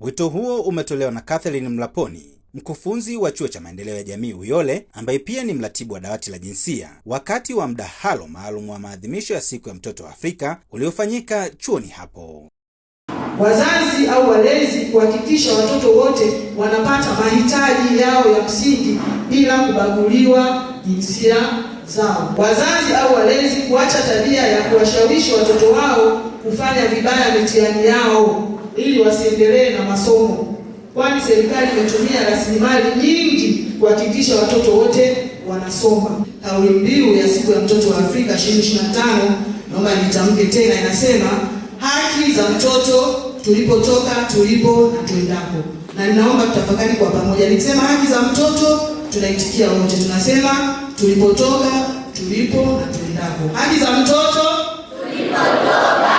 Wito huo umetolewa na Catherine Mlaponi mkufunzi wa chuo cha maendeleo ya jamii Uyole ambaye pia ni mratibu wa dawati la jinsia wakati wa mdahalo maalum wa maadhimisho ya siku ya mtoto wa Afrika uliofanyika chuoni hapo. Wazazi au walezi kuhakikisha watoto wote wanapata mahitaji yao ya msingi bila kubaguliwa jinsia zao. Wazazi au walezi kuacha tabia ya kuwashawishi watoto wao kufanya vibaya mitihani yao ili wasiendelee na masomo, kwani serikali imetumia rasilimali nyingi kuhakikisha watoto wote wanasoma. Kauli mbiu ya siku ya mtoto wa Afrika 2025 naomba nitamke tena, inasema haki za mtoto tulipotoka, tulipo na tuendapo. Na ninaomba tutafakari kwa pamoja. Nikisema haki za mtoto, tunaitikia wote, tunasema tulipotoka, tulipo na tuendapo. Haki za mtoto tulipotoka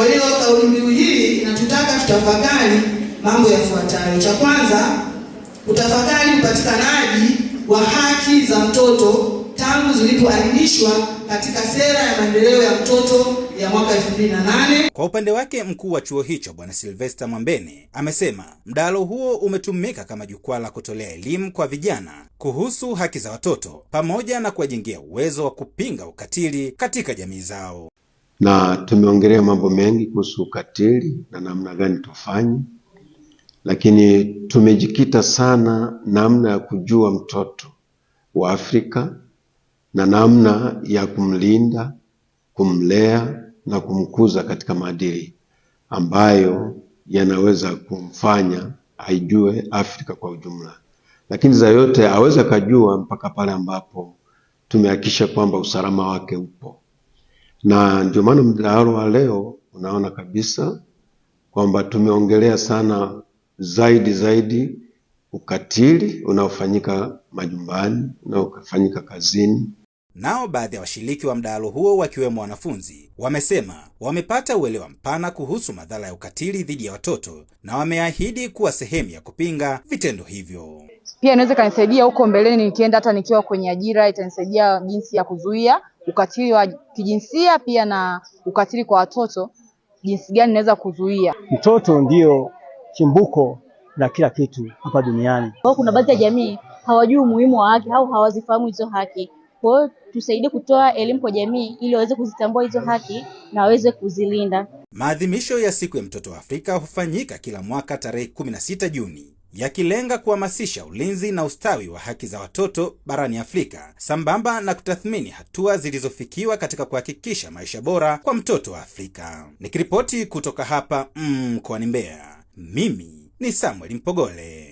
kwa hiyo kauli mbiu hii inatutaka tutafakari mambo yafuatayo. Cha kwanza, kutafakari upatikanaji wa haki za mtoto tangu zilipoainishwa katika sera ya maendeleo ya mtoto ya mwaka 2008. Kwa upande wake, mkuu wa chuo hicho Bwana Sylvester Mwambene amesema mdahalo huo umetumika kama jukwaa la kutolea elimu kwa vijana kuhusu haki za watoto pamoja na kuwajengea uwezo wa kupinga ukatili katika jamii zao na tumeongelea mambo mengi kuhusu ukatili na namna gani tufanye, lakini tumejikita sana namna ya kujua mtoto wa Afrika na namna ya kumlinda, kumlea na kumkuza katika maadili ambayo yanaweza kumfanya aijue Afrika kwa ujumla, lakini za yote aweze kujua mpaka pale ambapo tumehakikisha kwamba usalama wake upo na ndio maana mdahalo wa leo unaona kabisa kwamba tumeongelea sana zaidi zaidi ukatili unaofanyika majumbani unaofanyika kazini. Nao baadhi ya washiriki wa, wa mdahalo huo wakiwemo wanafunzi wamesema wamepata uelewa mpana kuhusu madhara ya ukatili dhidi ya watoto na wameahidi kuwa sehemu ya kupinga vitendo hivyo. Pia inaweza ikanisaidia huko mbeleni, nikienda hata nikiwa kwenye ajira, itanisaidia jinsi ya kuzuia ukatili wa kijinsia pia na ukatili kwa watoto, jinsi gani naweza kuzuia. Mtoto ndiyo chimbuko la kila kitu hapa duniani. Kwa kuna baadhi ya jamii hawajui umuhimu wa haki au hawazifahamu hizo haki. Kwa hiyo tusaidie kutoa elimu kwa jamii ili waweze kuzitambua hizo haki na waweze kuzilinda. Maadhimisho ya siku ya mtoto wa Afrika hufanyika kila mwaka tarehe 16 Juni yakilenga kuhamasisha ulinzi na ustawi wa haki za watoto barani Afrika sambamba na kutathmini hatua zilizofikiwa katika kuhakikisha maisha bora kwa mtoto wa Afrika. Nikiripoti kutoka hapa mm, mkoani mm, Mbeya, mimi ni Samuel Mpogole.